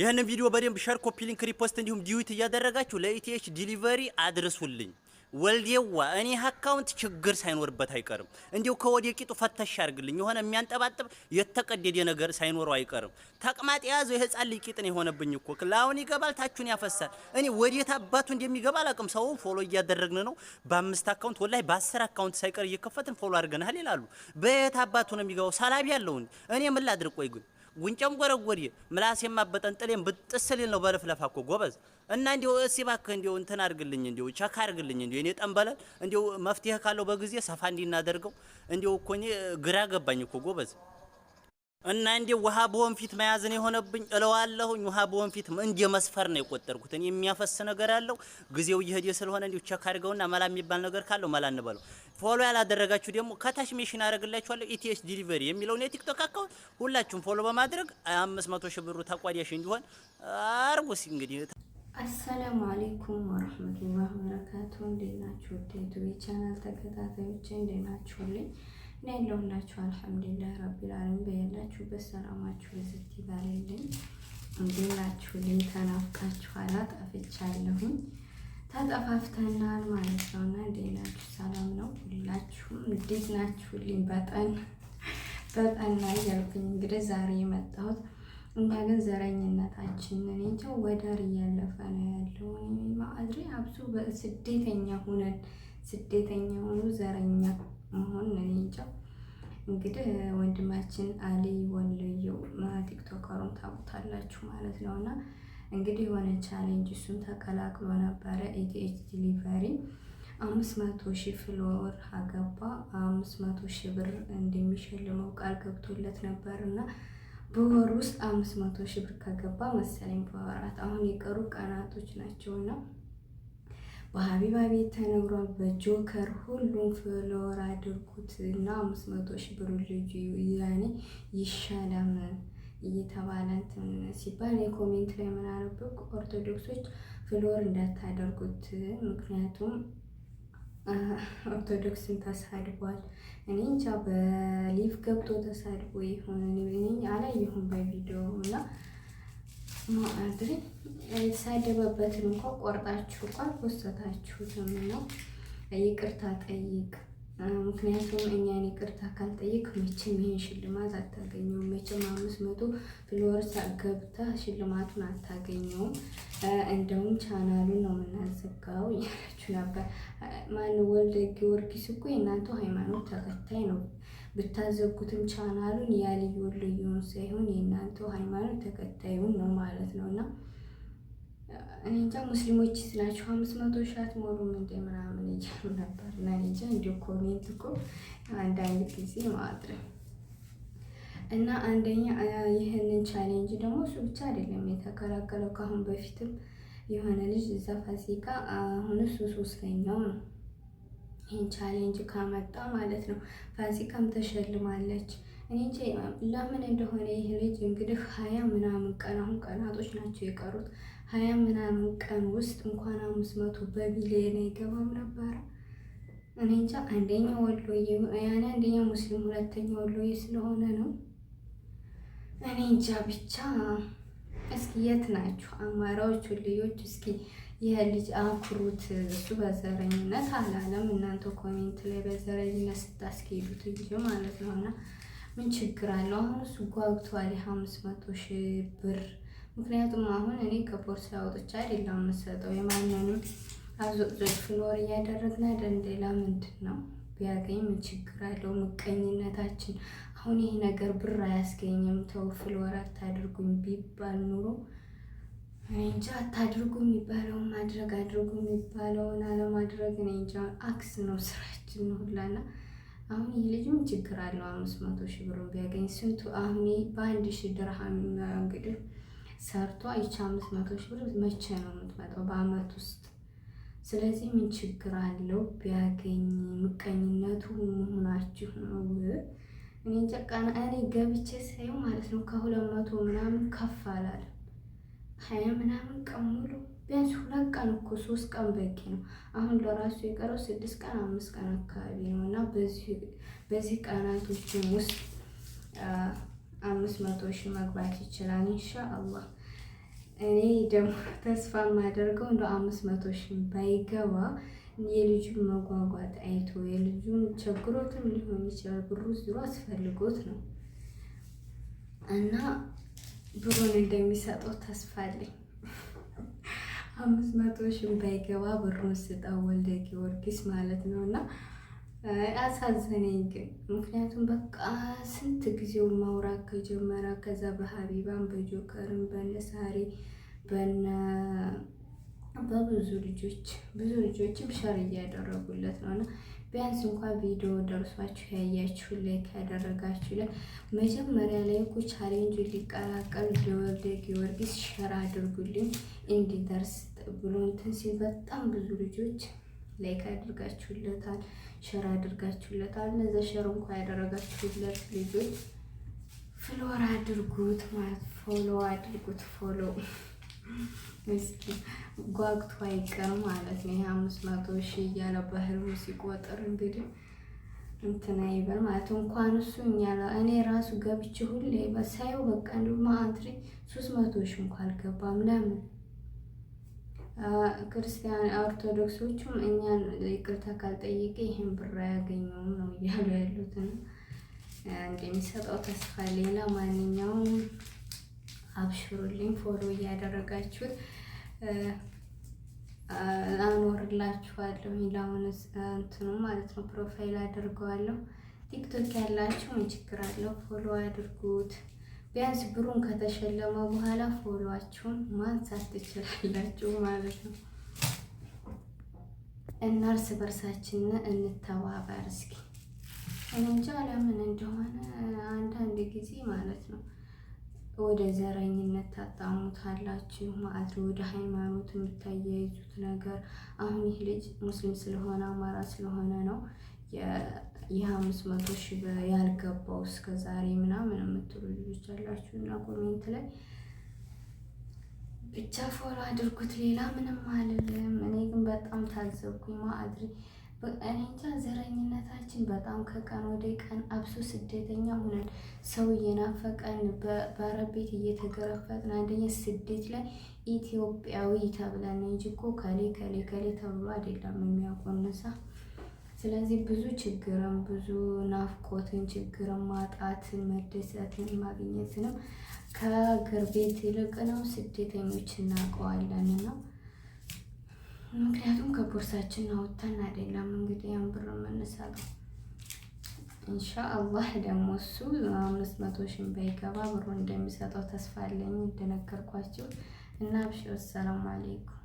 ይህንን ቪዲዮ በደንብ ሸር፣ ኮፒ ሊንክ፣ ሪፖስት እንዲሁም ዲዩት እያደረጋችሁ ለኢቲኤች ዲሊቨሪ አድርሱልኝ። ወልዴዋ እኔ አካውንት ችግር ሳይኖርበት አይቀርም። እንዲሁ ከወደ ቂጡ ፈተሽ አድርግልኝ። የሆነ የሚያንጠባጥብ የተቀደደ ነገር ሳይኖረው አይቀርም። ተቅማጥ የያዘው የህፃን ልጅ ቂጥን የሆነብኝ እኮ ክላውን ይገባል፣ ታችሁን ያፈሳል። እኔ ወዴት አባቱ እንደሚገባ አላቅም። ሰው ፎሎ እያደረግን ነው። በአምስት አካውንት ወላሂ በአስር አካውንት ሳይቀር እየከፈትን ፎሎ አድርገናል ይላሉ። በየት አባቱ ነው የሚገባው? ሳላቢ ያለውን እኔ ምን ላድርግ? ቆይ ግን ጉንጨም ጎረጎዴ ምላስ የማበጠን ጥሌም ብጥስ ነው በልፍለፋ እኮ ጎበዝ። እና እንዲሁ እሲ ባክህ እንዲሁ እንትን አድርግልኝ እንዲሁ ቸካ አድርግልኝ እንዲሁ እኔ ጠንበላል እንዲሁ መፍትሄ ካለው በጊዜ ሰፋ እንዲናደርገው እንዲሁ እኮ እኔ ግራ ገባኝ እኮ ጎበዝ። እና እንዴ ውሃ በወንፊት መያዝን የሆነብኝ እለዋለሁኝ። ውሃ በወንፊት እንደ መስፈር ነው የቆጠርኩት። እኔ የሚያፈስ ነገር ያለው ጊዜው እየሄደ ስለሆነ እንዴ ቸክ አድርገውና መላ የሚባል ነገር ካለው መላ እንበለው። ፎሎ ያላደረጋችሁ ደግሞ ከታች ሜሽን አደረግላችኋለሁ። ኢቲኤች ዲሊቨሪ የሚለውን የቲክቶክ አካውንት ሁላችሁም ፎሎ በማድረግ 500 ሺህ ብሩ ተቋዳሽ እንዲሆን አርጉስ። እንግዲህ አሰላሙ አለይኩም ወራህመቱላሂ ወበረካቱ። እንዴት ናችሁ? ዴቱ የቻናል ተከታታዮች እንዴት ናችሁልኝ? እና ያለሁላችሁ አልሐምዱሊላህ ረቢል ዓለሚን። በያላችሁበት ሰላማችሁ ብዝት ይበልልኝ። እንዴት ናችሁልኝ? ተናፍቃችኋል። ጠፍቻለሁኝ። ተጠፋፍተናል ማለት ነው። እና እንዴት ሰላም ነው ሁላችሁም? እንዴት ናችሁልኝ? በጠን በጠና እያልኩኝ እንግዲህ ዛሬ የመጣሁት እኛ ግን ዘረኝነታችን እንጃ ወደር እያለፈ ነው ያለው። ማዕድሬ አብዙ በስደተኛ ሁነን ስደተኛ ሆኑ ዘረኛ አሁን እንጃ እንግዲህ ወንድማችን አሊ ወልዩ ቲክቶከሩን ታውቁታላችሁ ማለት ነው። እና እንግዲህ የሆነ ቻሌንጅ እሱም ተቀላቅሎ ነበረ ኢቲኤች ዲሊቨሪ አምስት መቶ ሺ ፍሎወር አገባ አምስት መቶ ሺህ ብር እንደሚሸልመው ቃል ገብቶለት ነበር እና በወር ውስጥ አምስት መቶ ሺህ ብር ከገባ መሰለኝ በወራት አሁን የቀሩ ቀናቶች ናቸውና በሀቢባ ቤት ተነግሯል። በጆከር ሁሉም ፍሎር አድርጉት እና አምስት መቶ ሺ ብሩ ልጁ ያኔ ይሻላል እየተባለ እንትን ሲባል የኮሜንት ላይ ምናረብቅ ኦርቶዶክሶች ፍሎር እንዳታደርጉት ምክንያቱም ኦርቶዶክስን ተሳድቧል። እኔ እንጃ በሊቭ ገብቶ ተሳድቦ ይሆን አላየሁም በቪዲዮ እና ማዕድን ሳደበበትን እንኳ ቆርጣችሁ እንኳን ወሰታችሁትም ነው ይቅርታ ጠይቅ። ምክንያቱም እኛን ይቅርታ ካልጠይቅ መቼም ይህን ሽልማት አታገኘውም። መቼም አምስት መቶ ፍሎወርስ ገብታ ሽልማቱን አታገኘውም። እንደውም ቻናሉን ነው የምናዘጋው እያላችሁ ነበር። ማን ወልደ ጊዮርጊስ እኮ የእናንተው ሃይማኖት ተከታይ ነው። ብታዘጉትም ቻናሉን ያ ልዩን ልዩን ሳይሆን የእናንተ ሃይማኖት ተከታዩን ነው ማለት ነው እና እኔ እንጃ ሙስሊሞች ስላችሁ አምስት መቶ ሻት አትሞሉም እንደ ምናምን እያሉ ነበር። እና እኔ እንጃ እንዲ ኮሜንት እኮ አንዳንድ ጊዜ ማለት ነው እና አንደኛ ይህንን ቻሌንጅ ደግሞ እሱ ብቻ አይደለም የተከላከለው ከአሁን በፊትም የሆነ ልጅ እዛ ፋሲካ አሁን እሱ ሶስተኛው ነው ይህን ቻሌንጅ ካመጣ ማለት ነው። ፋሲካም ተሸልማለች። እኔ እንጂ ለምን እንደሆነ ይህ ልጅ እንግዲህ ሀያ ምናምን ቀን አሁን ቀናቶች ናቸው የቀሩት። ሀያ ምናምን ቀን ውስጥ እንኳን አምስት መቶ በቢሊየን አይገባም ነበረ። እኔ እንጃ አንደኛ ወሎ ያኔ አንደኛ ሙስሊም ሁለተኛ ወሎ ስለሆነ ነው። እኔ እንጃ ብቻ እስኪ የት ናችሁ አማራዎቹ ልጆች? እስኪ ይህ ልጅ አክሩት። እሱ በዘረኝነት አላለም። እናንተ ኮሜንት ላይ በዘረኝነት ስታስኬዱት እንጂ ማለት ነው። እና ምን ችግር አለው? አሁን እሱ ጓግቷል የአምስት መቶ ሺህ ብር ምክንያቱም አሁን እኔ ከፖርሳ አውጥቻ አይደለም የምሰጠው የማንንም አዞጦች ፍሎር እያደረግን አይደል? ሌላ ምንድን ነው ቢያገኝ ምን ችግር አለው? ምቀኝነታችን አሁን ይሄ ነገር ብር አያስገኝም፣ ተው ፍልወር አታድርጉኝ ቢባል ኑሮ እንጃ አታድርጉ የሚባለውን ማድረግ አድርጉ የሚባለውን አለማድረግ እኔ እንጃ። አክስ ነው ስራችን ነው ሁላና አሁን ይህ ልጅም ችግር አለው። አምስት መቶ ሺ ብሩን ቢያገኝ ስንቱ አሁን በአንድ ሺህ ድርሃም እንግዲህ ሰርቶ ይቺ አምስት መቶ ሺ ብር መቼ ነው የምትመጣው? በአመት ውስጥ። ስለዚህ ምን ችግር አለው ቢያገኝ? ምቀኝነቱ መሆናችሁ ነው እኔ ጨቃና እኔ ገብቼ ሳይሆን ማለት ነው ከሁለት መቶ ምናምን ከፍ አላለ ሀያ ምናምን ቀን ሙሉ ቢያንስ ሁለት ቀን እኮ ሶስት ቀን በቂ ነው። አሁን ለራሱ የቀረው ስድስት ቀን አምስት ቀን አካባቢ ነው እና በዚህ ቀናቶችን ውስጥ አምስት መቶ ሺህ መግባት ይችላል ኢንሻ አላህ። እኔ ደግሞ ተስፋ የማደርገው እንደ አምስት መቶ ሺህ ባይገባ የልጁን መጓጓት አይቶ የልጁን ቸግሮትም ሊሆን ይችላል። ብሩ ዙሮ አስፈልጎት ነው እና ብሩን እንደሚሰጠው ተስፋ አለኝ። አምስት መቶ ሺህ ባይገባ ብሩን ስጠው ወልደ ጊዮርጊስ ማለት ነው እና አሳዘነኝ ግን ምክንያቱም በቃ ስንት ጊዜው ማውራት ከጀመረ ከዛ በሀቢባን በጆከርን በነሳሪ በነ በብዙ ልጆች ብዙ ልጆችም ሸር እያደረጉለት ነው እና ቢያንስ እንኳ ቪዲዮ ደርሷችሁ ያያችሁ ላይ ያደረጋችሁ ላይ መጀመሪያ ላይ እኮ ቻሌንጅ ሊቀላቀል ለወልደ ጊዮርጊስ ሸር አድርጉልኝ እንዲደርስ ብሎ እንትን ሲል በጣም ብዙ ልጆች ላይክ አድርጋችሁለታል፣ ሸር አድርጋችሁለታል። እነዚ ሸር እንኳ ያደረጋችሁለት ልጆች ፍሎር አድርጉት ማለት ፎሎ አድርጉት። ፎሎ እስኪ ጓግቶ አይቀር ማለት ነው። ይሄ አምስት መቶ ሺ እያለ ባህል ሲቆጥር እንግዲህ እንትና ይበል ማለት እንኳን እሱ እኛ እኔ ራሱ ገብቼ ሁሌ በሳየው በቃ እንዲሁ ማአንትሪ ሶስት መቶ ሺ እንኳ አልገባም ለምን ክርስቲያን ኦርቶዶክሶቹም እኛን ይቅርታ ካልጠየቀ ይህን ብር አያገኘውም ነው እያሉ ያሉትን እንደሚሰጠው ተስፋ ሌላ ማንኛውም አብሽሩልኝ ፎሎ እያደረጋችሁት አኖርላችኋለሁ። ላሁን እንትኑ ማለት ነው ፕሮፋይል አድርገዋለሁ። ቲክቶክ ያላችሁ ምን ችግር አለው? ፎሎ አድርጉት። ቢያንስ ብሩን ከተሸለመ በኋላ ፎሎዋችሁን ማንሳት ትችላላችሁ ማለት ነው። እና እርስ በርሳችን እንተባበር እስኪ። እንጃ ለምን እንደሆነ አንዳንድ ጊዜ ማለት ነው ወደ ዘረኝነት ታጣሙታላችሁ ማለት ነው። ወደ ሃይማኖት የምታያይዙት ነገር አሁን ይህ ልጅ ሙስሊም ስለሆነ አማራ ስለሆነ ነው የአምስት መቶ ሺህ ያልገባው እስከ ዛሬ ምናምን የምትሉ ልጆች አላችሁ እና ኮሜንት ላይ ብቻ ፎሎ አድርጉት። ሌላ ምንም አልልም። እኔ ግን በጣም ታዘብኩኝ። ማአድሪ እኔ እንጃ ዘረኝነታችን በጣም ከቀን ወደ ቀን አብሶ ስደተኛ ሆነን ሰው እየናፈቀን በአረብ እየተገረፈጥን አንደኛ ስደት ላይ ኢትዮጵያዊ ተብለን እንጂ እኮ ከሌ ከሌ ከሌ ተብሎ አይደለም የሚያቆንሳ ስለዚህ ብዙ ችግርም ብዙ ናፍቆትን ችግርን ማጣትን መደሰትን ማግኘትንም ከሀገር ቤት ይልቅ ነው ስደተኞች እናውቀዋለን ነው። ምክንያቱም ከቦርሳችን አውጥተን አይደለም እንግዲህ ያን ብር የምንሰራው። እንሻ አላህ ደግሞ እሱ አምስት መቶ ሺህ ባይገባ ብሩ እንደሚሰጠው ተስፋ አለኝ እንደነገርኳቸው እና ብሽ ወሰላሙ አለይኩም